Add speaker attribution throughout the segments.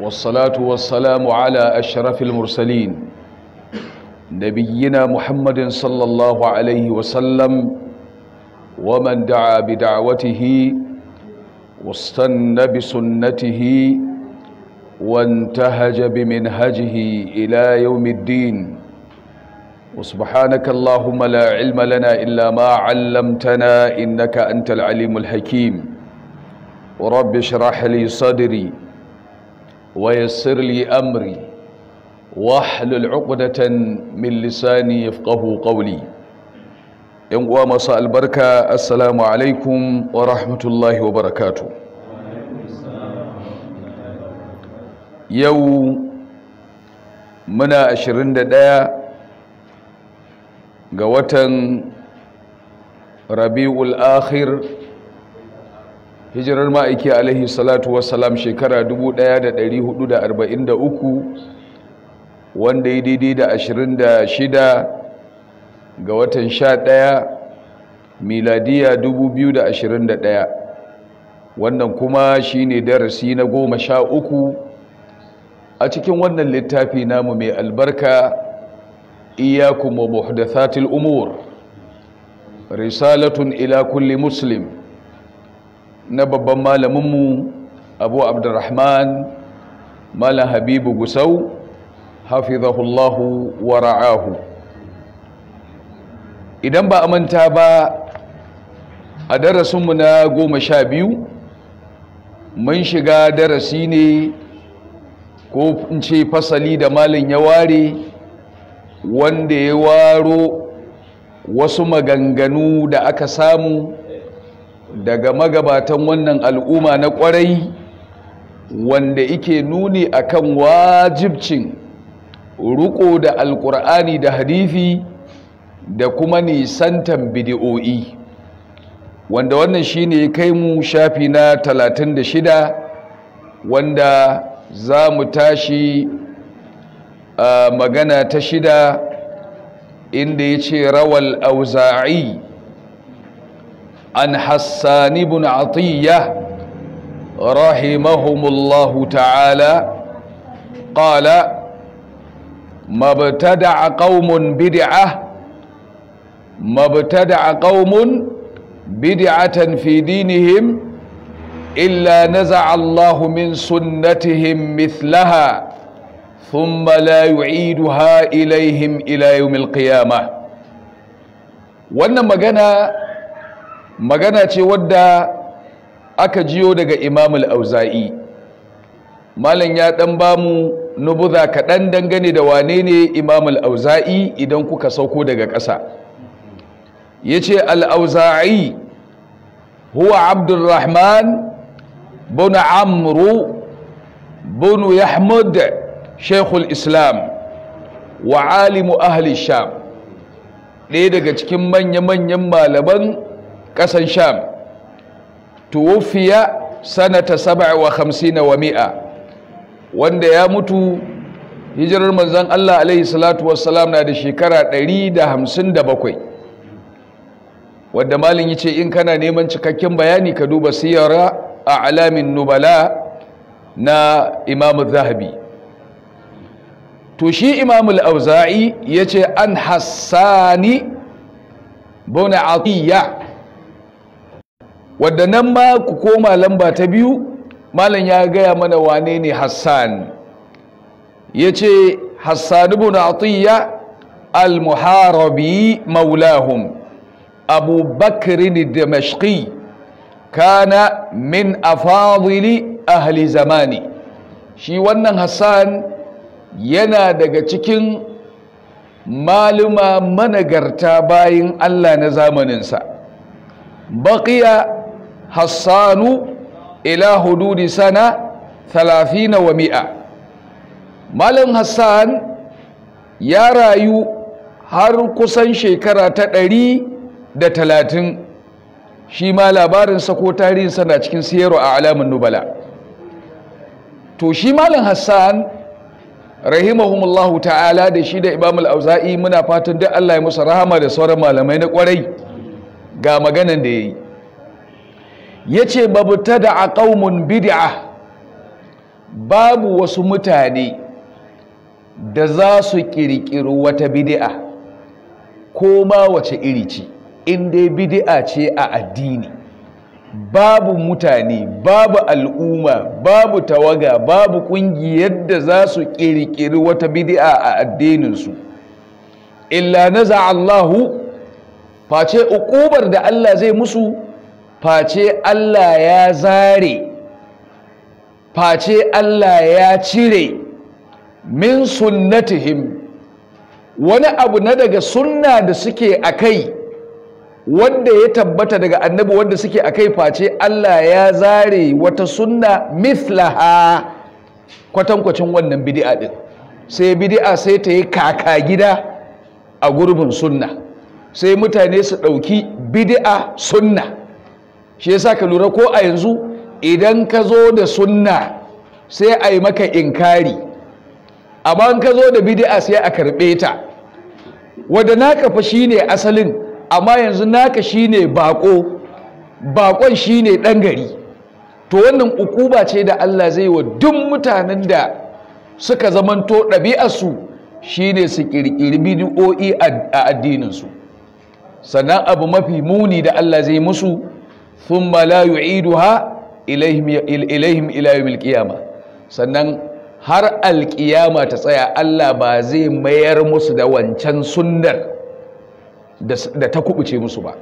Speaker 1: والصلاة والسلام على أشرف المرسلين نبينا محمد صلى الله عليه وسلم ومن دعا بدعوته واستنى بسنته وانتهج بمنهجه إلى يوم الدين وسبحانك اللهم لا علم لنا إلا ما علمتنا إنك أنت العليم الحكيم ورب اشرح لي صدري ويسر لي أمري واحلل عقدة من لساني يفقه قولي إن مساء البركة السلام عليكم ورحمة الله وبركاته يو منا أشرين دايا قوة ربيع الآخر hijirar ma'aiki alaihi salatu wassalam shekara 1443 wanda ya daidai da 26 ga watan 11 miladiya 2021 wannan kuma shine darasi na goma sha uku a cikin wannan littafi namu mai albarka iyakum wa muhdathatil umur risalatun ila kulli muslim na babban malaminmu abu abdurrahman malam habibu gusau hafizahullahu wa ra'ahu idan ba a manta ba a darasinmu na goma sha biyu mun shiga darasi ne ko in ce fasali da malin ya ware wanda ya waro wasu maganganu da aka samu daga magabatan wannan al'umma na kwarai wanda ike nuni akan wajibcin ruko da alkur'ani da hadithi da kuma nisantan bidi'o'i wanda wannan shine kai mu shafi na 36 wanda za mu tashi a magana ta shida inda ya ce rawal auza'i عن حسان بن عطية رحمهم الله تعالى قال ما ابتدع قوم بدعة ما ابتدع قوم بدعة في دينهم إلا نزع الله من سنتهم مثلها ثم لا يعيدها إليهم إلى يوم القيامة وإنما magana magana ce wadda aka jiyo daga imam auzai malam ya dan bamu nubuza kaɗan dangane da wane ne imam auzai idan kuka sauko daga ƙasa ya ce al'auzai, auzai huwa abdulrahman bin amru bin yahmud shekul islam wa alimu ahli sham ɗaya daga cikin manya-manyan malaman ƙasan sham tuwufiya sanata saba'a wa hamsina wa mi'a wanda ya mutu hijirar manzan Allah alaihi salatu wassalam na da shekara 157 wadda malin yace in kana neman cikakken bayani ka duba siyara a alamin nubala na imamu zahabi to shi imamul al-auza'i yace an hassani bune atiyya wadda nan ma ku koma lamba ta biyu malam ya gaya mana wane ne hassan ya ce hassan ibn atiyya al-muharabi maulahum abu bakrin damashqi kana min afadili ahli zamani shi wannan hassan yana daga cikin maluma managarta bayan allah na zamaninsa baƙiya hassanu ila hududi sana thalathina wa mi'a malam hassan ya rayu har kusan shekara ta ɗari da talatin shi ma labarinsa ko tarihinsa na cikin siyarwa a alamun nubala to shi malam hassan rahimahumullahu ta'ala da shi da imam auzai muna fatan duk Allah ya musu rahama da sauran malamai na kwarai ga maganan da yayi ya ce ta da a ƙaumun bid'a babu wasu mutane da za su ƙirƙiri wata bid'a ko ma wace iri ce in dai bid'a ce a addini babu mutane babu al'umma babu tawaga babu ƙungiyar da za su ƙirƙiri wata bid'a a addininsu illa na za'Allahu face ukubar da Allah zai musu face Allah ya zare face Allah ya cire min sunnatihim wani abu na daga sunna da suke a kai wanda ya tabbata daga annabi wanda suke a kai face Allah ya zare wata sunna mithlaha kwatankwacin wannan bidi'a din sai bidi'a sai ta yi kaka gida a gurbin sunna sai mutane su ɗauki bidi'a sunna shi yasa ka lura ko a yanzu idan ka zo da sunna sai a yi maka inkari amma ka zo da bidi'a sai a karɓe ta wanda naka fa shine asalin amma yanzu naka shine bako bakon shine dan gari to wannan ukuba ce da Allah zai wa duk mutanen da suka zamanto ɗabi'arsu shine su kirkiri bid'o'i a addininsu sannan abu mafi muni da Allah zai musu thumma la yi ilaihim ilaihim ila ilayhim sannan har alkiyama ta tsaya Allah ba zai mayar musu da wancan sunnar da ta kubuce musu ba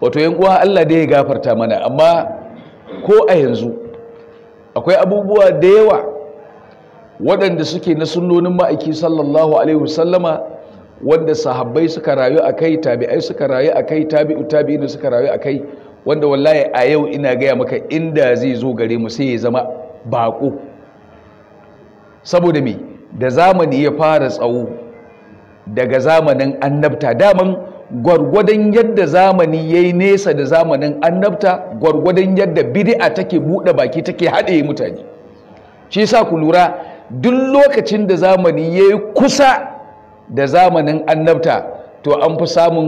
Speaker 1: wato yan uwa Allah da ya gafarta mana amma ko a yanzu akwai abubuwa da yawa waɗanda suke na sunnonin ma'aiki sallallahu alaihi wasallama wanda sahabbai suka rayu a kai tabi'ai suka rayu a kai tabi'u suka rayu a kai wanda wallahi a yau ina gaya maka inda zai zo gare mu sai ya zama baƙo saboda me da zamani ya fara tsawo daga zamanin annabta daman gwargwadon yadda zamani ya yi nesa da zamanin annabta gwargwadon yadda bid'a take buɗe baki take haɗe mutane shi sa ku lura duk lokacin da zamani ya yi kusa da zamanin annabta to an fi samun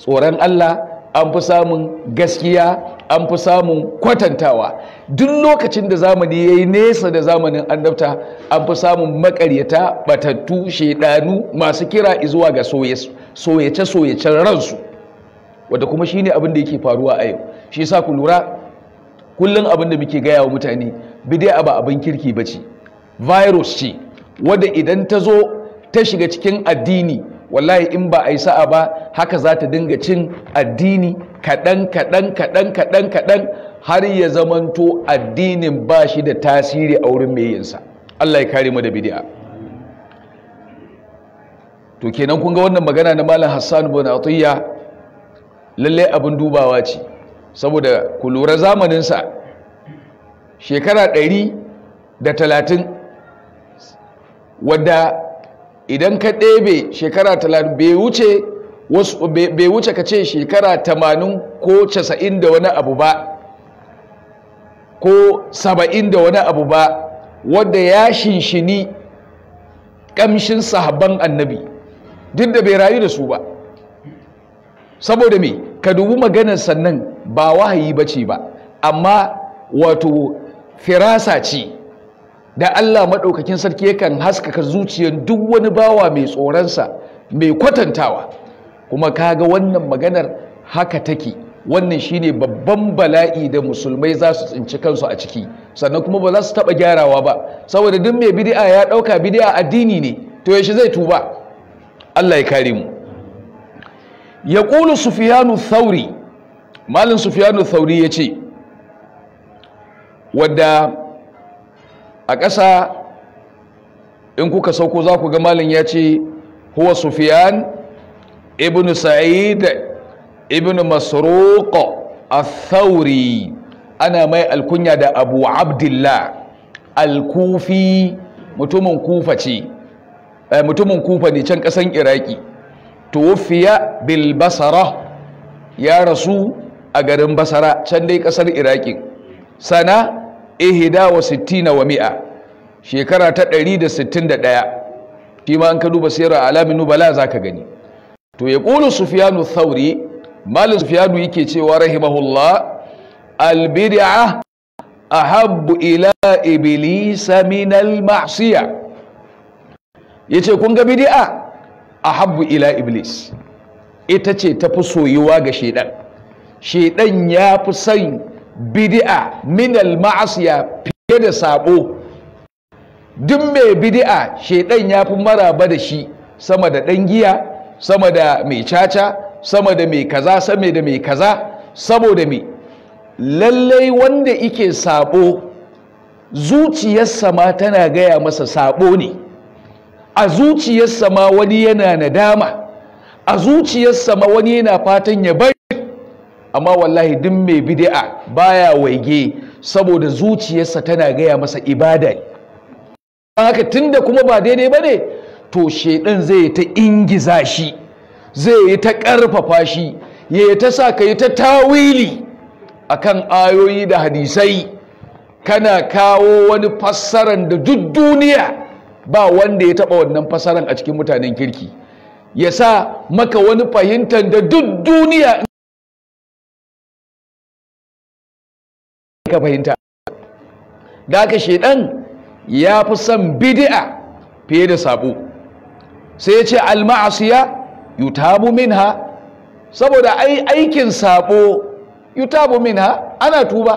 Speaker 1: tsoron Allah an fi samun gaskiya an fi samun kwatantawa duk lokacin da zamani ya yi nesa da zamanin annabta an fi samun makaryata batattu shaidanu masu kira zuwa ga soyace-soyacen ransu wadda kuma shi ne abin da yake faruwa a yau shi sa ku lura kullum abin da muke gaya wa mutane bidai ba abin kirki ba ce virus ce wadda idan ta zo ta shiga cikin addini wallahi in ba a yi sa'a ba haka za ta dinga cin addini kaɗan kaɗan kaɗan kaɗan kaɗan har ya zamanto addinin ba shi da tasiri a wurin mai yansa. Allah ya kare mu da bid'a to kenan kun ga wannan magana na malam Hassan bin Atiyya lalle abin dubawa ce saboda ku lura zamanin sa shekara 130 wadda idan ka ɗebe shekara talatin bai wuce wasu bai wuce ka ce shekara tamanin ko casa'in da wani abu ba ko saba'in da wani abu ba wadda ya shinshini ƙamshin sahabban annabi duk da bai rayu da su ba saboda me ka dubi maganar sannan ba wahayi ba ce ba amma wato firasa ce da Allah maɗaukakin sarki yakan haskaka zuciyar duk wani bawa mai tsoronsa mai kwatantawa kuma kaga wannan maganar haka take wannan shine babban bala'i da musulmai za su tsinci kansu a ciki sannan kuma ba za su taɓa gyarawa ba saboda duk mai bidi'a ya ɗauka bidi'a addini ne to yaushe zai tuba Allah ya kare mu ya ƙulu sufiyanu thauri malin sufiyanu sauri ya ce wadda a ƙasa in kuka sauko za ku ga malin ya ce huwa sufiyan ibn sa'id ibn Masroko. al-thawri ana mai alkunya da abu abdullah al-kufi mutumin kufa ce eh, mutumin kufa ne can ƙasan iraki tuwfiya bil basara ya rasu a garin basara can dai ƙasar iraki sana ihda wa sittina wa mi'a shekara ta 161 shi ma an ka duba sirar alamin nubala zaka gani to ya ƙulu sufyanu thauri malin sufyanu yake cewa rahimahullah al a ahabbu ila iblisa min al Ya yace kun ga bid'a ahabbu ila iblis ita ce ta fi soyuwa ga shaidan. Shaidan ya fi san. Bidi'a minal ma'asiya fiye da sabo duk mai bidi'a shedan ya fi maraba da shi sama da ɗan giya sama da mai caca sama da mai kaza sama da mai kaza saboda mai lallai wanda ike sabo zuciyarsa ma tana gaya masa sabo ne a zuciyarsa ma wani yana nadama a zuciyarsa ma wani yana fatan ya bari amma wallahi duk mai bid'a baya waige saboda zuciyarsa tana gaya masa ibada haka tunda kuma ba daidai bane to shedan zai ta ingiza shi zai yi ta karfafa shi ya yi ta sa ka yi ta tawili A kan ayoyi da hadisai kana kawo wani fassaran da duk duniya ba wanda ya taba wannan fassaran a cikin mutanen kirki ya sa maka wani fahimtar da duk duniya ka fahimta da aka shaidan ya fi son bidi'a fiye da sabo sai ya ce alma'asiya yutabu minha saboda ai aikin sabo yutabu minha ana tuba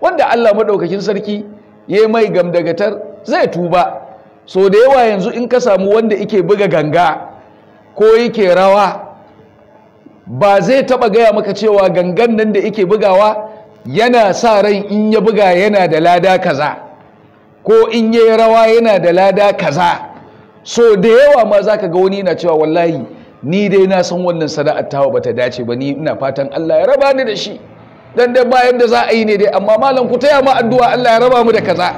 Speaker 1: wanda Allah madaukakin sarki ya yi mai gamdagatar zai tuba so da yawa yanzu in ka samu wanda yake buga ganga ko yake rawa ba zai taba gaya maka cewa gangan nan da yake bugawa yana sa ran in ya buga yana da lada kaza ko in yi rawa yana da lada kaza so da yawa ma za ka ga wani na cewa wallahi ni dai na san wannan sana'ar tawa bata dace ba ni ina fatan Allah ya raba ni da shi dan dai bayan da za a yi ne dai amma malam ku taya ma addu'a Allah ya raba mu da kaza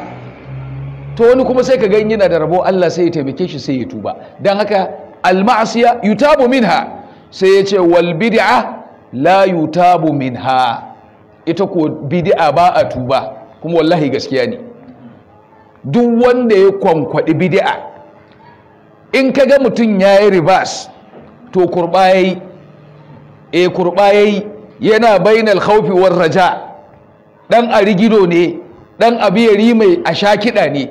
Speaker 1: to wani kuma sai ka ga yana da rabo Allah sai ya taimake shi sai ya tuba dan haka al ma'siya yutabu minha sai ya ce wal bid'a la yutabu minha ita ko bid'a ba a tuba kuma wallahi gaskiya ne duk wanda ya kwankwadi bidi'a in ka ga mutum ya yi ribas to kurba yayi eh yana bainal khawfi war raja dan arigido ne dan abiyari mai ashakida ne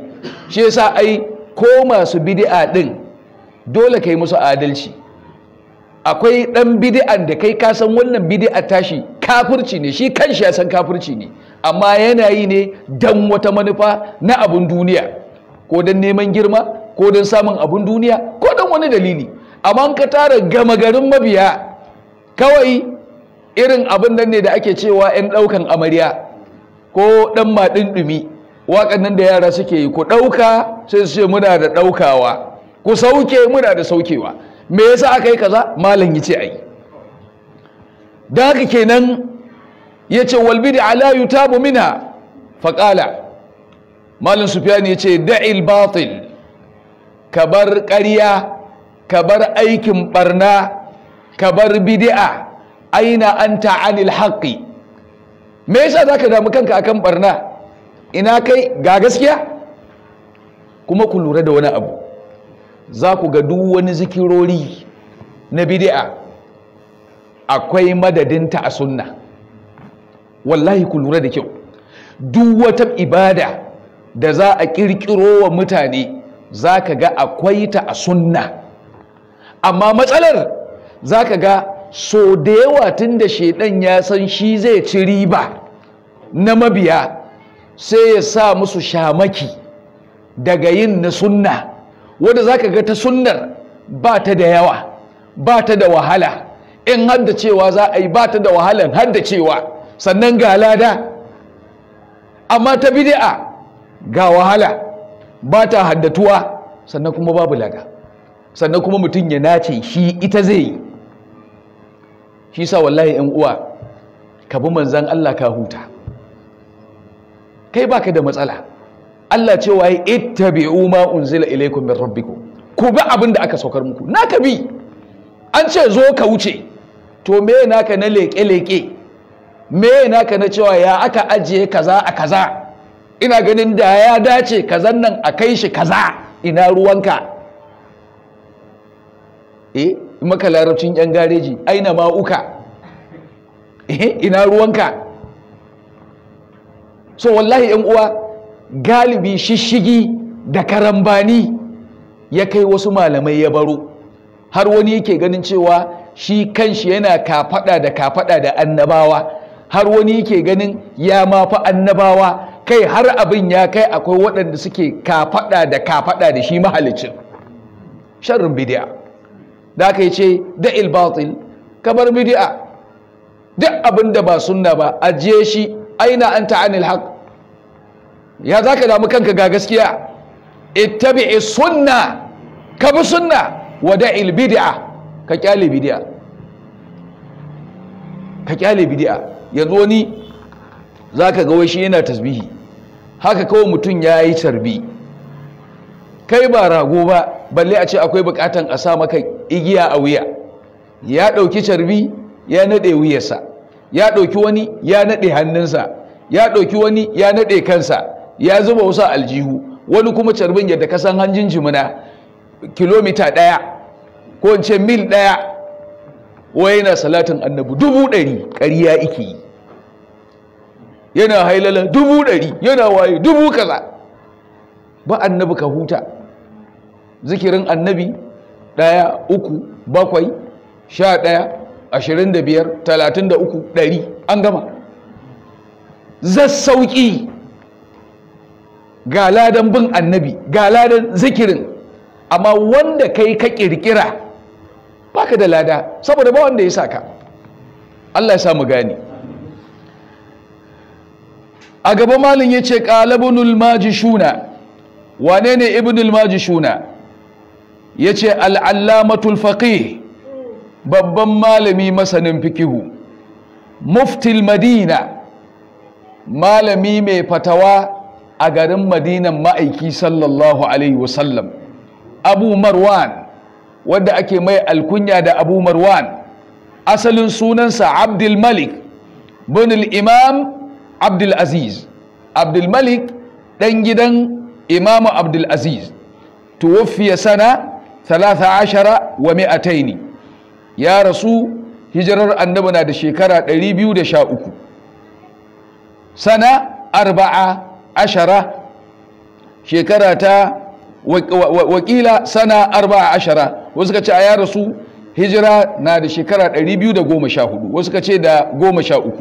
Speaker 1: shi yasa ai ko masu bidi'a din dole kai musu adalci akwai ɗan bidi'an da kai ka san wannan bid'a tashi kafirci ne shi kanshi ya san kafirci ne amma yana yi ne dan wata manufa na abun duniya ko don neman girma ko don samun abun duniya ko don wani dalili amma ka tara gama garin mabiya kawai irin abin nan ne da ake cewa 'yan daukan amarya ko dan ma ɗumi waƙan nan da yara suke yi ku ɗauka sai su ce muna da ɗaukawa ku sauke muna da saukewa me yasa aka yi kaza malam yace ce a da haka kenan ya ce walbidi ala yutabu mina faƙala malin sufiyan ya ce da batil ka bar ƙarya ka bar aikin ɓarna ka bar bidi'a aina an ta'anil haƙi me yasa ka damu kanka akan ɓarna ina kai ga gaskiya kuma ku lura da wani abu za ku ga duk wani zikirori na bidi'a akwai madadinta a sunna wallahi ku lura da kyau duk wata ibada da za a kirkiro wa mutane za ka ga akwai ta a sunna amma matsalar za ka ga so da yawa tun da shaidan ya san shi zai ci riba na mabiya sai ya sa musu shamaki daga yin na sunna wadda za ka ga ta sunnar ba ta da yawa ba ta da wahala in cewa za a yi bata da wahalan cewa sannan ga lada amma ta bid'a ga wahala ba ta haddatuwa sannan kuma babu lada sannan kuma mutum ya nace shi ita zai yi shi sa wallahi yan uwa ka bi manzan Allah ka huta kai baka da matsala Allah cewa ya ittabi'u ma unzila ilaykum min rabbikum ku bi abin da aka saukar muku na ka bi an ce zo ka wuce to me naka na leƙe-leƙe me naka na cewa ya aka ajiye kaza a kaza ina ganin da ya dace kazan nan a kai shi kaza ina ruwanka eh maka larabcin yan gareji aina ma'uka eh ina ruwanka so wallahi yan uwa galibi shishigi da karambani ya kai wasu malamai ya baro har wani yake ganin cewa shi kanshi yana kafada da kafada da annabawa har wani yake ganin ya ma fa annabawa kai har abin ya kai akwai waɗanda suke kafada da kafada da shi mahalicin sharrin bid'a da aka yi ce da ilbatil kamar bid'a duk abin da ba sunna ba ajiye shi aina an ta'anil haq ya za ka damu kanka ga gaskiya ittabi'i sunna ka bi sunna wa da'il bid'a ka kyale bidiya ka kyale bidiya yanzu wani zaka ga wai shi yana tasbihi haka kawai mutum ya yi tarbi kai ba rago ba balle a ce akwai bukatan a sa maka igiya a wuya ya ɗauki carbi ya naɗe wuyarsa ya ɗauki wani ya naɗe hannunsa ya ɗauki wani ya naɗe kansa ya zuba wasu aljihu wani kuma carbin yadda kasan hanjin jimina kilomita ɗaya ko in ce mil ɗaya wai yana salatin annabi dubu ɗari ya ike yi yana hailala dubu ɗari yana waye dubu kaza ba annabi ka huta zikirin annabi ɗaya uku bakwai sha ɗaya ashirin da biyar talatin da uku ɗari an gama zassauƙi ga ladan bin annabi ga ladan zikirin amma wanda kai ka ƙirƙira baka da lada saboda ba wanda ya saka Allah ya samu gani a gaba malin ya ce ƙalabunul majishuna wane ne ibnul majishuna ya ce al'allamatul faƙi babban malami masanin fikihu muftil madina malami mai fatawa a garin madinan ma'aiki sallallahu alaihi wasallam abu marwan wadda ake mai alkunya da abu marwan asalin sunansa abdul malik bin imam abdul aziz abdul malik ɗan gidan Imam abdul aziz tuwaffiya sana 13 wa mi'ataini ya rasu hijirar annabi na da shekara 213 sana 14 shekara ta wakila sana 14 wasu ka ce a yara su, hijira na da shekara 214 wasu ka ce da 13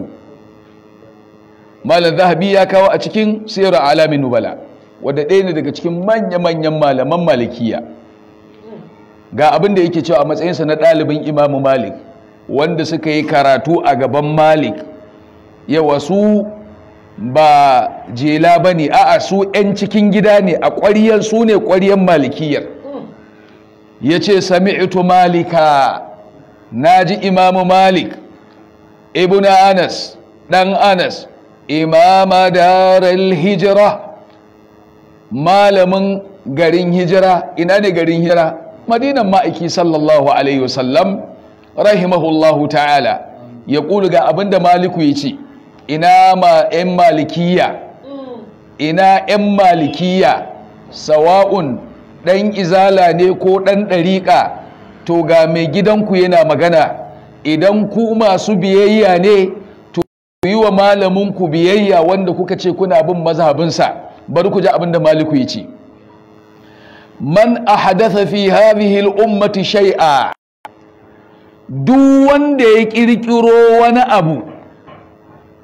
Speaker 1: malam zahabi ya kawo a cikin siyarar alamin nubala wadda ɗaya ne daga cikin manya-manyan malaman malikiya ga abin da yake cewa a matsayinsa na ɗalibin imamu malik wanda suka yi karatu a gaban malik yawa su ba jela ba ne a su 'yan cikin gida ne a ƙwariyar su ne ƙwariyar malikiyar ya ce malika na ji imamu malik na anas ɗan anas imama darar hijira malamin garin hijira ina ne garin hijira madinan ma'aiki sallallahu alaihi wasallam rahimahullahu ta'ala ya ƙulu ga abinda maliku ya ce ina ma malikiya mm. ina 'yan malikiya sawa'un ɗan izala ne ko ɗan ɗariƙa to ga mai gidanku yana magana idan ku masu biyayya ne to yi wa malaminku biyayya wanda kuka ce kuna bin mazhabinsa bari ku ji abin da maliku ya ce man ahadatha fi hazihi al'ummati shay'a duk wanda ya kirkiro wani abu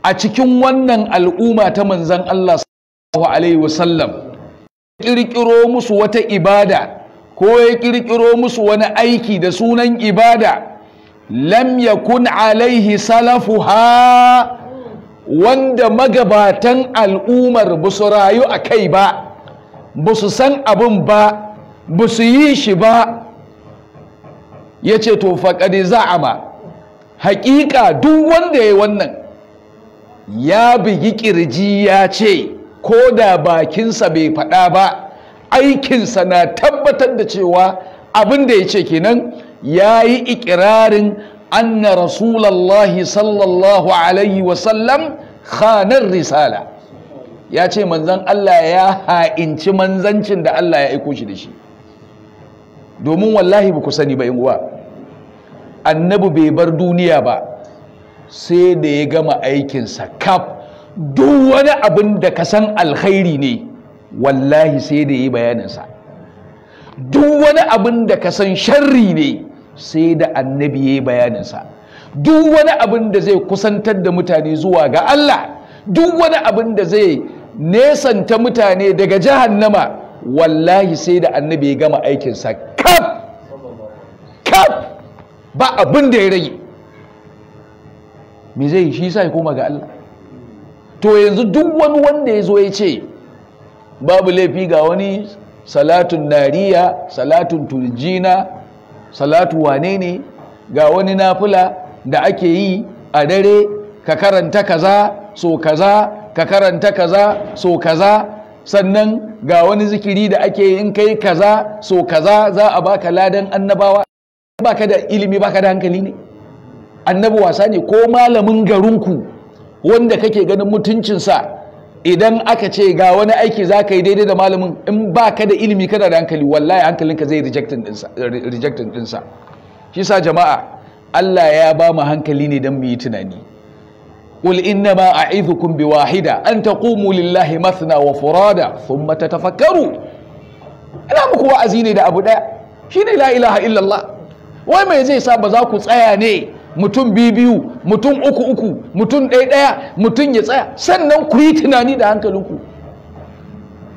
Speaker 1: a cikin wannan al'umma ta manzon Allah sallallahu alaihi wasallam kirkiro musu wata ibada ko ya kirkiro musu wani aiki da sunan ibada lam yakun alaihi salafu ha, wanda magabatan al'umar ba su rayu a kai ba ba su san abin ba ba su yi shi ba ya ce to faƙari za'ama Hakika duk wanda ya yi wannan ya bugi ƙirji ya ce ko da bakinsa bai faɗa ba aikinsa na tabbatar da cewa abin da ya ce kenan ya yi ikirarin anna Rasulallah sallallahu alaihi wasallam khanar risala ya ce manzan Allah ya ha'inci manzancin da Allah ya aiko shi da shi domin wallahi ba ku sani ba uwa annabi bai bar duniya ba sai da ya gama aikinsa kaf duk wani abin da ka san alkhairi ne wallahi sai da yi bayaninsa duk wani abin da ka san sharri ne sai da annabi ya yi bayaninsa duk wani abin da zai kusantar da mutane zuwa ga Allah duk wani abin da zai nesanta mutane daga nama, wallahi sai da annabi ya gama aikinsa kaf kaf ba abin da ya rage me zai shi sai koma ga Allah to yanzu duk wani wanda ya zo ya ce babu laifi ga wani salatun nariya salatun turjina salatu wane ne ga wani nafula da ake yi a dare ka karanta kaza so kaza ka karanta kaza so kaza sannan ga wani zikiri da ake yi in kai kaza so kaza za a baka ladan annabawa baka da ilimi baka da hankali ne annabi wasa ne ko malamin garinku wanda kake ganin mutuncinsa idan aka ce ga wani aiki za ka yi daidai da malamin in ba ka da ilimi kana da hankali wallahi hankalinka zai rejectin ɗinsa shi sa jama'a Allah ya ba mu hankali ne don mu yi tunani قل إنما أعيذكم بواحدة أن تقوموا لله مثنى وفرادا ثم تتفكروا أنا مكو وأزيني دا أبو دا شيني لا إله إلا الله وما يزي سابا زاكو ne. mutum biyu mutum uku uku mutum ɗaya ɗaya mutum ya tsaya sannan ku yi tunani da hankalinku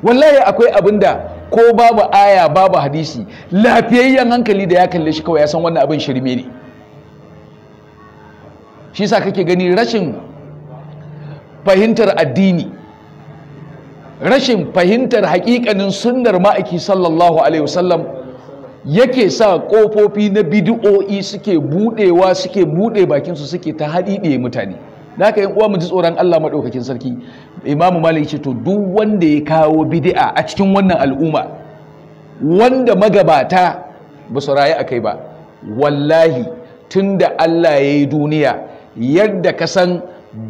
Speaker 1: wallahi akwai abin da ko babu aya babu hadisi lafiyayyen hankali da ya kalli shi kawai ya san wannan abin shirme ne shi sa kake gani rashin fahimtar addini rashin fahimtar hakikanin sunnar ma'aiki sallallahu alaihi wasallam yake sa ƙofofi na bidi'o'i suke buɗewa suke buɗe bakinsu suke ta haɗiɗe mutane Na ka yi uwa mu ji tsoron Allah maɗaukakin sarki imamu malik ce to duk wanda ya kawo bidi'a a cikin wannan al'umma wanda magabata ba su rayu a kai ba wallahi tun da Allah ya yi duniya yadda ka san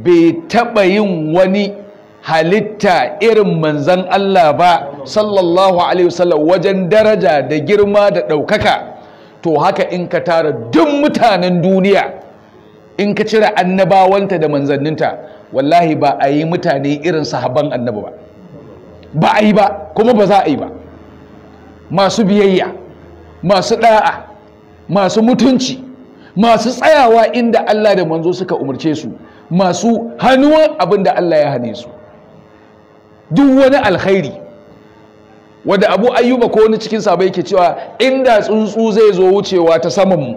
Speaker 1: bai taɓa yin wani halitta irin manzan Allah ba sallallahu alaihi wasallam wajen daraja da girma da ɗaukaka to haka in ka tara duk mutanen duniya in ka cire annabawanta da manzanninta wallahi ba a yi mutane irin sahaban annabi ba ba a yi ba kuma ba za a yi ba masu biyayya masu ɗa'a masu mutunci masu tsayawa inda Allah da manzo suka umarce su masu hannuwan abin da Allah ya hane su duk wani alkhairi wadda abu ayyuba ko wani cikin sabai yake cewa inda tsuntsu zai zo wucewa ta saman mu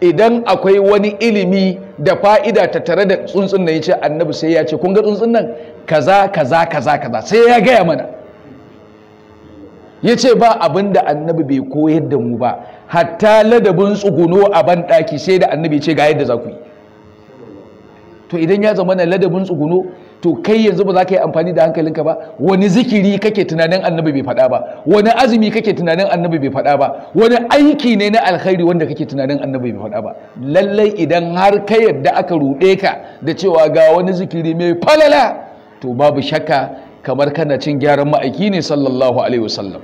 Speaker 1: idan akwai wani ilimi da fa'ida ta tare da tsuntsun nan yace annabi sai ya ce kun ga tsuntsun nan kaza kaza kaza kaza sai ya gaya mana ya ce ba abin da annabi bai koyar da mu ba hatta ladabin tsuguno a ban daki sai da annabi ce ga yadda za ku yi to idan ya zama na ladabin tsuguno to kai yanzu ba za ka yi amfani da hankalinka ba wani zikiri kake tunanin annabi bai faɗa ba wani azumi kake tunanin annabi bai faɗa ba wani aiki ne na alkhairi wanda kake tunanin annabi bai faɗa ba lallai idan har ka yadda aka ruɗe ka da cewa ga wani zikiri mai falala to babu shakka kamar kana cin gyaran ma'aiki ne sallallahu alaihi wasallam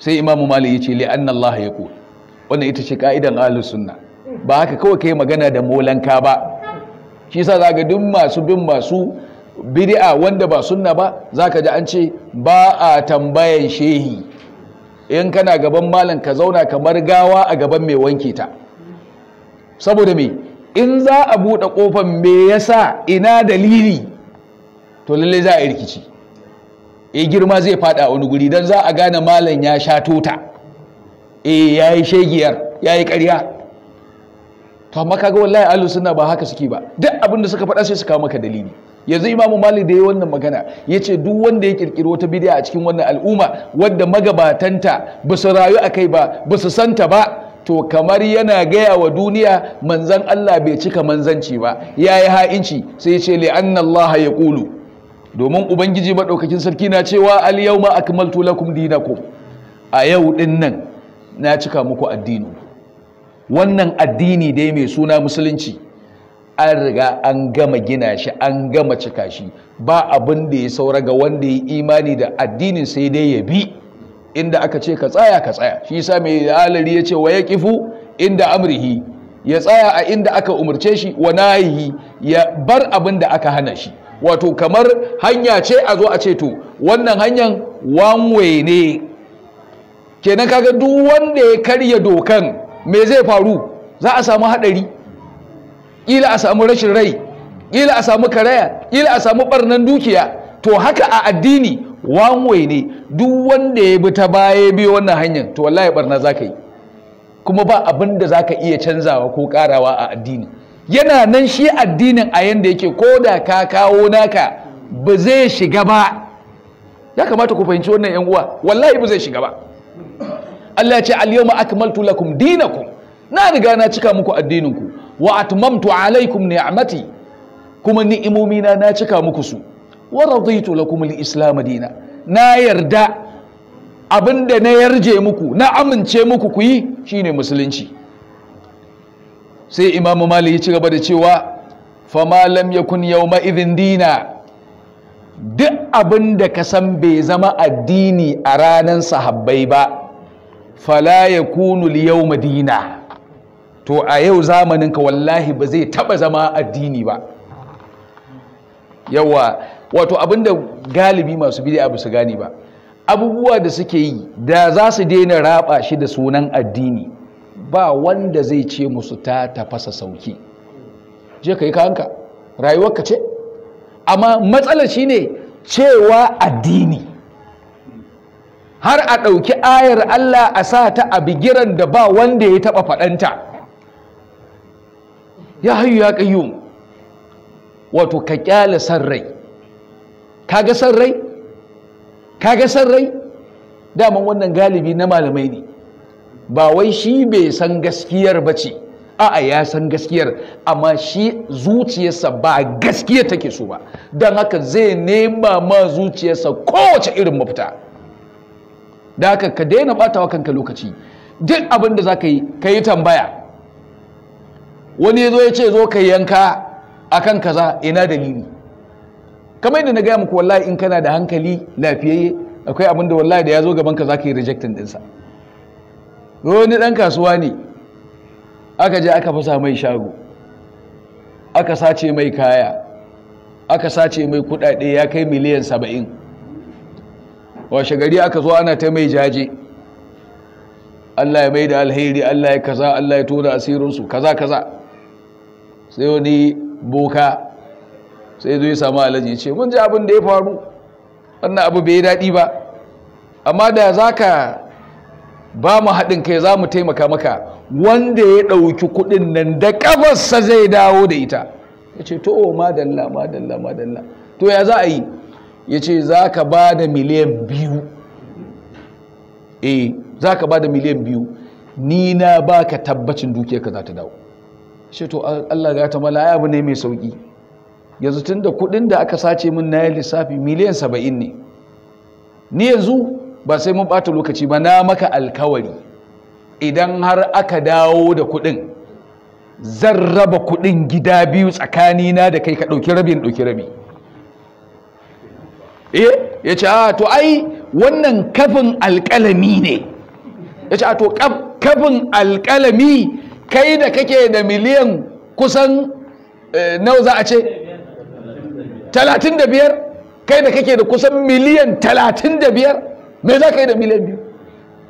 Speaker 1: sai imamu Maliki ya ce li'anna allah ya wannan ita ce ka'idan ahlus sunna ba haka kawai ka yi magana da molanka ba shi sa za duk masu bin masu bid'a wanda ba sunna ba za ka ji an ce ba a tambayan shehi in kana gaban malam ka zauna kamar gawa a gaban mai wanke ta saboda me in za a buɗe ƙofan me yasa ina dalili to lalle za a yi rikici e girma zai fada wani guri don za a gane malam ya sha tota e ya yi shegiyar ya yi ƙarya to amma kaga wallahi ahlus sunna ba haka suke ba duk abin da suka faɗa sai su kawo maka dalili yanzu imamu malik da ya wannan magana ya ce duk wanda ya kirkiri wata bidiya a cikin wannan al'umma wadda magabatanta ba su rayu a kai ba ba su santa ba to kamar yana gaya wa duniya manzan Allah bai cika manzanci ba ya yi ha'inci sai ce li'anna Allah ya ƙulu domin ubangiji maɗaukakin sarki na cewa al yawma akmaltu lakum dinakum a yau ɗin nan na cika muku addinu wannan addini dai mai suna musulunci an riga an gama gina shi an gama cika shi ba abin da ya saura ga wanda ya imani da addinin sai dai ya bi inda aka ce ka tsaya ka tsaya shi sa mai alari ya ce wa ya kifu inda amrihi ya tsaya a inda aka umarce shi wa nahihi ya bar abin da aka hana shi wato kamar hanya ce a zo a ce to wannan hanyar one ne kenan kaga duk wanda ya karya dokan me zai faru za a samu haɗari ƙila a samu rashin rai ƙila a samu karaya ƙila a samu ɓarnan dukiya to haka a addini wanwai ne duk wanda ya bi ta baya bi wannan hanyar to wallahi barna za ka yi kuma ba abin da za ka iya canzawa ko karawa a addini yana nan shi addinin a yanda yake ko da ka kawo naka ba zai shiga ba ya kamata ku fahimci wannan yan uwa wallahi ba zai shiga ba Allah ya ce al akmaltu lakum dinakum na riga na cika muku addininku wa atmamtu alaikum ni'mati kuma ni'imomina na cika muku su wa raditu lakum al dina na yarda abinda na yarje muku na amince muku ku yi shine musulunci sai imam malik ya ci gaba da cewa fama lam yakun yawma idhin dina duk abinda ka san bai zama addini a ranar sahabbai ba fala ya kunu liyau madina to a yau zamaninka wallahi ba zai taba zama addini ba yawa wato abinda galibi masu bidiya ba su gane ba abubuwa da suke yi da za su daina raba shi da sunan addini ba wanda zai ce musu ta tafasa sauki je ka yi kayanka rayuwarka ce amma matsalar shine cewa addini har a ɗauki ayar Allah a sa ta a bigiran da ba wanda ya taɓa faɗanta ya hayu ya ƙayyum wato ka ƙyale san rai kaga san rai kaga san daman wannan galibi na malamai ne ba wai shi bai san gaskiyar ba ce a'a ya san gaskiyar amma shi zuciyarsa ba gaskiya take so ba don haka zai nema ma zuciyarsa kowace irin mafita da haka ka daina wa kanka lokaci duk abin da za ka yi ka yi tambaya wani ya zo ya ce zo ka yanka a akan kaza ina dalili kamar yadda na gaya muku wallahi in kana da hankali lafiyayye akwai abin da wallahi da ya zo gaban ka za ka yi rejectin ɗinsa wani ɗan kasuwa ne aka je aka fasa mai shago aka sace mai kaya aka sace mai kuɗaɗe ya kai miliyan saba'in washe gari aka zo ana ta mai jaje Allah ya mai da alheri Allah ya kaza Allah ya tona asirinsu kaza kaza sai wani boka sai zo samu alaji ce mun ji abin da ya faru wannan abu bai daɗi ba amma da za ka ba mu haɗin kai za mu taimaka maka wanda ya ɗauki kuɗin nan da ƙafarsa zai dawo da ita ya ce to madalla madalla madalla to ya za a yi ya ce za ka ba da miliyan biyu eh za ka ba da miliyan biyu ni na ba ka tabbacin dukiyarka za ta dawo shi to allah ga ta malaya abu ne mai sauki yanzu tun da kuɗin da aka sace min na yi lissafi miliyan saba'in ne ni yanzu ba sai mun bata lokaci ba na maka alkawari idan har aka dawo da kuɗin zan raba kuɗin gida biyu tsakanina da kai ka ɗauki rabin ɗauki rabi eh ya ce a ah, to ai wannan kafin alƙalami ne ya ce a ah, to kafin alƙalami kai da kake da miliyan kusan eh, nawa za a ce talatin da biyar kai da kake da kusan miliyan talatin da biyar me za ka yi da miliyan 2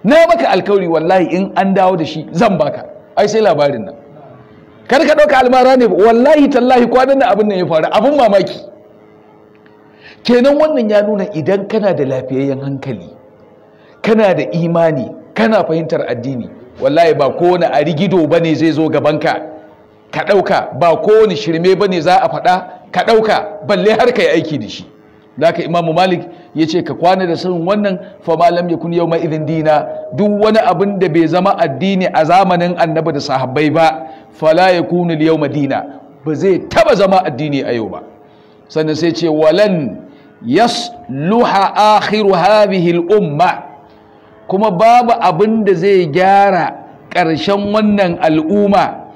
Speaker 1: na maka alkawari wallahi in an dawo da shi zan baka ai sai labarin nan kar ka ɗauka almara ne wallahi tallahi kwanan nan abin nan ya faru abin mamaki kenan wannan ya nuna idan kana da lafiyayyen hankali kana da imani kana fahimtar addini wallahi ba kowane a rigido ba ne zai zo gabanka ka ɗauka ba kowane shirme ba ne za a faɗa ka ɗauka balle har ka yi aiki da shi Daka imamu Malik ya ce ka kwana da sanin wannan fa malam ya kun mai idin dina duk wani abin da bai zama addini a zamanin annabi da sahabbai ba fala ya kunu yau dina ba zai taba zama addini a yau ba sannan sai ce walan yasluha akhiru hadhihi al-umma kuma babu abin da zai gyara ƙarshen wannan al'umma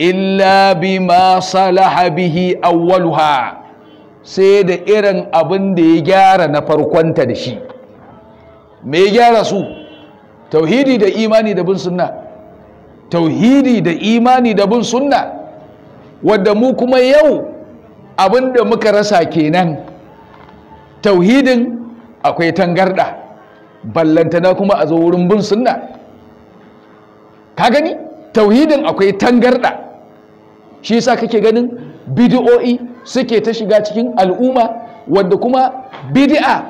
Speaker 1: illa bima salaha bihi awwaluha sai da irin abin da ya gyara na farkonta da shi me ya gyara su tauhidi da imani da bin sunna tauhidi da imani da bin sunna wadda mu kuma yau abin da muka rasa kenan tauhidin akwai tangarda ballantana kuma a zo wurin bin sunna ka gani tauhidin akwai tangarda shi yasa kake ganin bid'o'i suke ta shiga cikin al'umma wanda kuma bid'a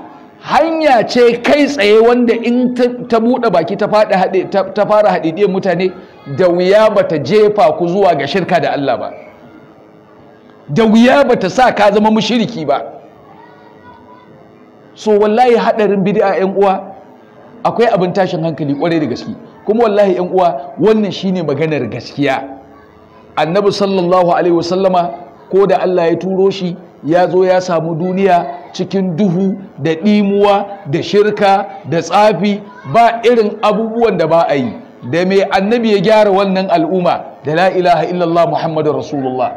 Speaker 1: hanya ce kai tsaye wanda in ta buɗe baki ta fara haɗiɗiyar mutane da wuya bata jefa ku zuwa ga shirka da Allah ba da wuya bata sa ka zama mushiriki ba so wallahi hadarin bid'a yan uwa akwai abin tashin hankali kwarai da gaske kuma wallahi yan uwa wannan shine maganar gaskiya annabi sallallahu alaihi wasallama ko da Allah ya turo shi ya zo ya samu duniya cikin duhu da ɗimuwa da shirka da tsafi ba irin abubuwan da ba a yi da mai annabi ya gyara wannan al'umma da la ilaha illallah muhammadu rasulullah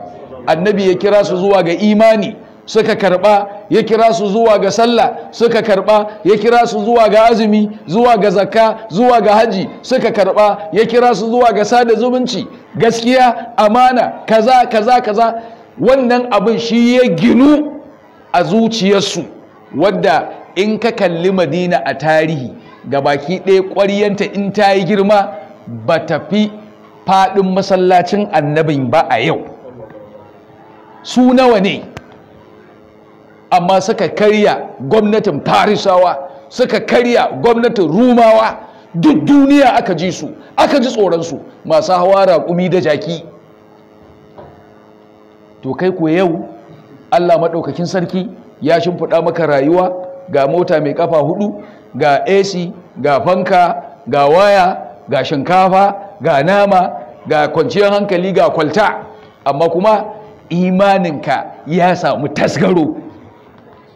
Speaker 1: annabi ya kira su zuwa ga imani suka karba ya kira su zuwa ga sallah suka karba ya kira su zuwa ga azumi zuwa ga zakka zuwa ga haji suka karba ya kira su zuwa ga sada zumunci gaskiya amana kaza kaza kaza wannan abin shi ya ginu a zuciyarsu wadda in ka kalli madina a tarihi ga baki ɗaya ƙwaryanta in ta yi girma ba fi faɗin masallacin annabin ba a yau su nawa ne amma suka karya gwamnatin farisawa suka karya gwamnatin rumawa duk duniya aka ji su aka ji tsoronsu masu hawa raƙumi da jaki to kai ko yau allah maɗaukakin sarki ya shimfiɗa maka rayuwa ga mota mai ƙafa hudu ga ac ga fanka ga waya ga shinkafa ga nama ga kwanciyar hankali ga kwalta amma kuma imaninka ya samu tasgaro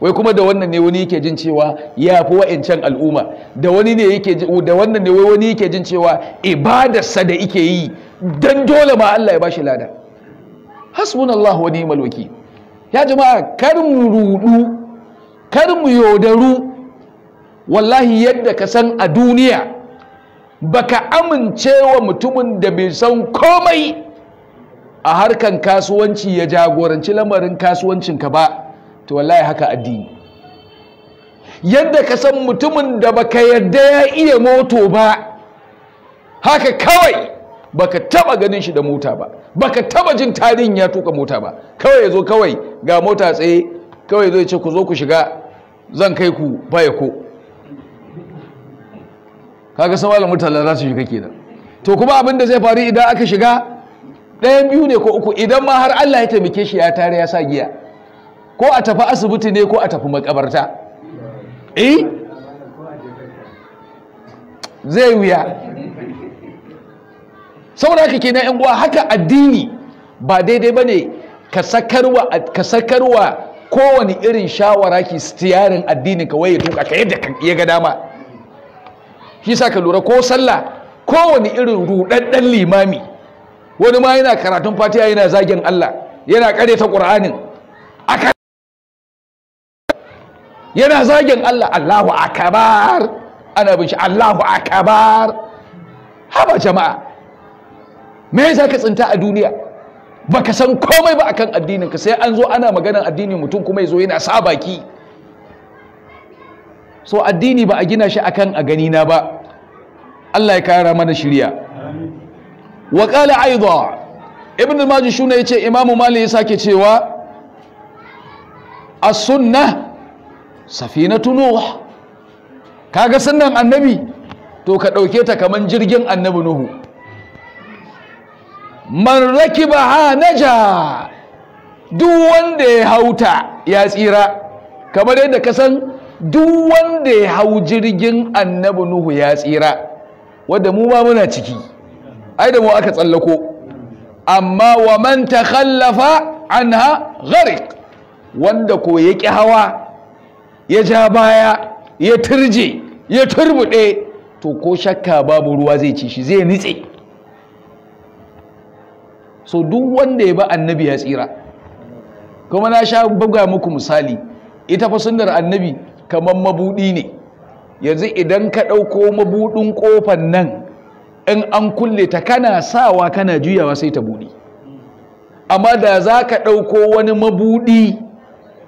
Speaker 1: wai kuma da wannan ne wani yake jin cewa ya fi wa'incan al'umma da wani ne yake da wannan ne wani yake jin cewa ibadarsa da yake yi dan dole ma Allah ya bashi lada hasbunallahu wa ni'mal wakil ya jama'a kar mu rudu kar mu yodaru wallahi yadda ka san a duniya baka wa mutumin da bai san komai a harkan kasuwanci ya jagoranci lamarin kasuwancinka ba to wallahi haka addini yadda ka san mutumin da baka yarda ya iya moto ba haka kawai baka taba ganin shi da mota ba baka taba jin tarihin ya tuka mota ba kawai yazo kawai ga mota tsaye kawai zai ce ku zo ku shiga zan kai ku baya ko kaga san da mutala za su shiga kenan to kuma abin da zai faru idan aka shiga ɗayan biyu ne ko uku idan ma har Allah ya taimake shi ya tare ya sa giya ko a tafi asibiti ne ko a tafi makabarta eh zai wuya saboda haka kenan yan uwa haka addini ba daidai bane ka sakarwa ka sakarwa kowane irin shawara ki stiyarin addini ka waye duka ka yadda ya ga dama shi sa ka lura ko sallah kowani irin rudaddan limami wani ma yana karatun fatiha yana zagin Allah yana ta Qur'anin yana zagin Allah Allahu akabar ana bin shi Allahu akabar haba jama'a me za ka tsinta a duniya baka san komai ba akan addinin ka sai an zo ana maganar addinin mutum kuma yazo yana baki. so addini ba a gina shi akan a gani na ba Allah ya kara mana shirya wa qala aidha ibn ya ce yace imamu malik ya sake cewa as-sunnah safinatu nuh kaga sannan annabi to ka ɗauke ta kaman jirgin annabi nuhu man rakibaha naja duk wanda ya hauta ya tsira kamar yadda ka san duk wanda ya hau jirgin annabi nuhu ya tsira wanda mu ba muna ciki ai da mu aka tsallako amma wa man takhallafa anha gharq wanda ko ki hawa ya ja baya ya turje ya turbuɗe to ko shakka babu ruwa zai ci shi zai nitse so duk wanda ya ba annabi ya tsira kuma na sha buga muku misali ita fa sunnar annabi kamar mabuɗi ne yanzu idan ka ɗauko mabuɗin ƙofan nan in an kulle ta kana sawa kana juyawa sai ta buɗe amma da za ka ɗauko wani mabuɗi.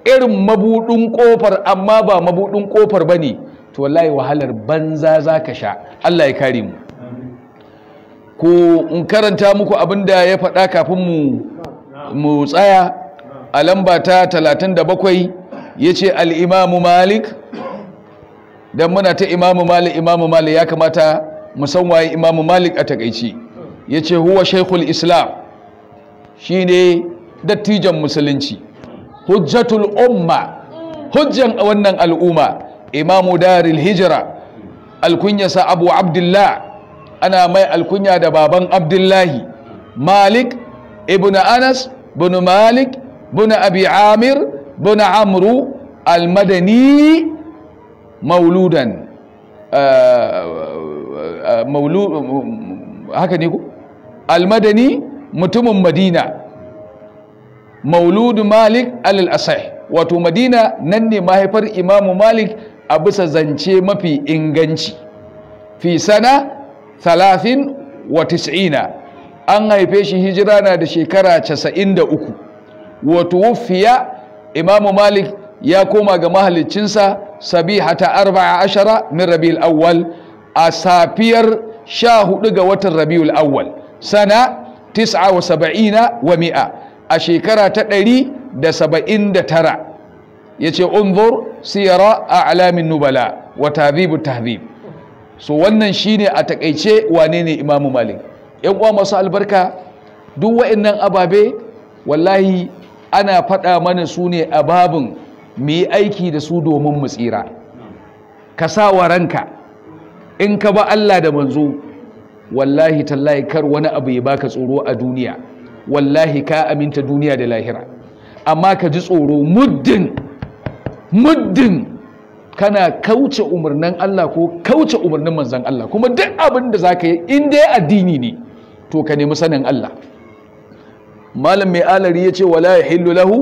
Speaker 1: irin mabudin kofar amma ba mabudin kofar ne. to wallahi wahalar banza za ka sha Allah ya kare mu ko in karanta muku abinda ya faɗa kafin mu mu tsaya a lamba ta 37 yace al-Imam Malik dan muna ta Imam Malik Imam Malik ya kamata mu san waye Imam Malik a takeici yace huwa shaykhul Islam shine dattijan musulunci hujjatul umma hujjan wannan al'umma imamu daril hijira alkunyasa abu abdullah ana mai alkunya da baban abdullahi malik ibn anas bin malik bin abi amir amru almadani mauludan uh, uh, uh, haka ne ku almadani mutumin madina mauludu malik alil asai wato madina nan ne mahaifar imamu malik a bisa zance mafi inganci fi sana 93 an haife shi hijira na da shekara 93 wato wufiya imamu malik ya koma ga mahalicinsa sabihata arba'a ashara min rabi awwal a safiyar sha hudu ga watan rabi awwal sana 79 wa mi'a a shekara ta ɗari da saba'in da tara ya ce unzur siyara a alamin nubala wa tahzibu tahzib so wannan shine a takaice wane ne imamu malik yan uwa masu albarka duk wa'annan ababe wallahi ana faɗa mana su ne a babin mu yi aiki da su domin mu tsira ka sa wa ranka in ka ba Allah da manzo wallahi tallahi kar wani abu ya baka tsoro a duniya wallahi ka aminta duniya da lahira amma ka ji tsoro muddin muddin kana kauce umarnin Allah ko kauce umarnin manzan Allah kuma duk abin da zaka yi in dai addini ne to ka nemi sanin Allah malam mai alari ya ce wala yahillu lahu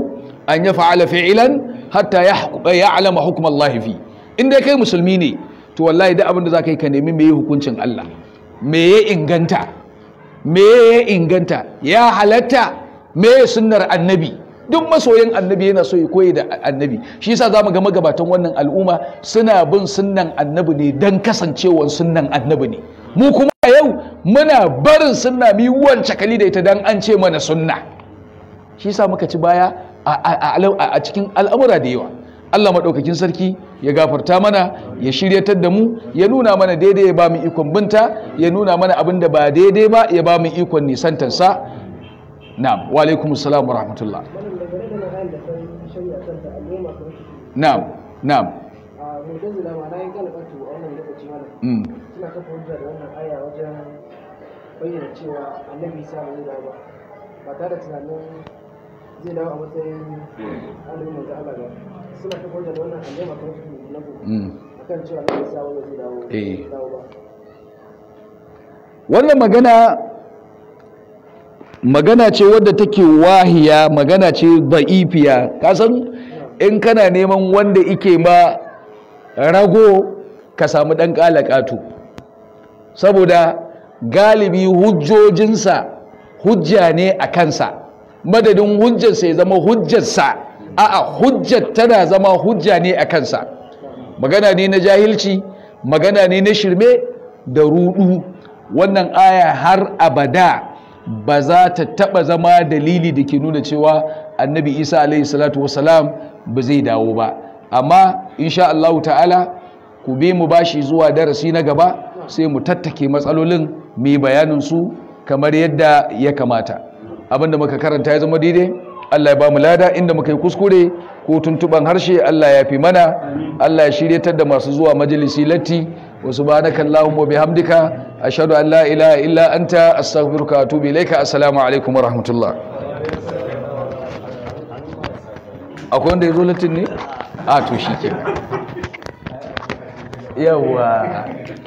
Speaker 1: an yaf'ala fi'lan hatta ya'lama hukm Allah fi in dai kai musulmi ne to wallahi duk abin da zaka yi ka nemi me hukuncin Allah Me ya inganta me ya inganta ya halatta me sunnar annabi duk masoyan annabi yana so ya koyi da annabi shi yasa zamu ga magabatan wannan al'umma suna bin sunnan annabi ne dan kasancewar sunnan annabi ne mu kuma a yau muna barin sunna mi wance kali da ita dan an ce mana sunna shi yasa muka ci baya a cikin al'amura da yawa Allah maɗaukakin sarki ya gafarta mana ya shiryatar da mu ya nuna mana daidai ya ba mu ikon binta ya nuna mana abin da ba daidai ba ya ba mu ikon nisantansa na'am wa alaikum salam wa rahmatullah na'am na'am cewa hmm. annabi ba tare da tunanin zai wannan magana magana ce wadda take wahiya magana ce ba'ifiya kasan in kana neman wanda ike ma rago ka samu ɗan ƙatu. saboda galibi hujjojinsa hujja ne a kansa madadin hujjarsa ya zama hujjarsa a'a hujjar tana zama hujja ne a kansa magana ne na jahilci magana ne na shirme da rudu wannan aya har abada ba za ta taba zama dalili da ke nuna cewa annabi isa alaihi salatu wasalam ba zai dawo ba amma insha Allah ta'ala ku bi mu bashi zuwa darasi na gaba sai mu tattake matsalolin mai bayanin su kamar yadda ya kamata abinda muka karanta ya zama daidai Allah ya ba mu lada inda muka yi kuskure ko tuntuban harshe Allah ya fi mana Allah ya shiryatar da masu zuwa majalisi latti wa subhanaka allahumma bihamdika ashhadu an la ilaha illa anta astaghfiruka wa atubu ilaika assalamu alaikum wa rahmatullah akwai wanda ya zo latin ne a to shi ke yawa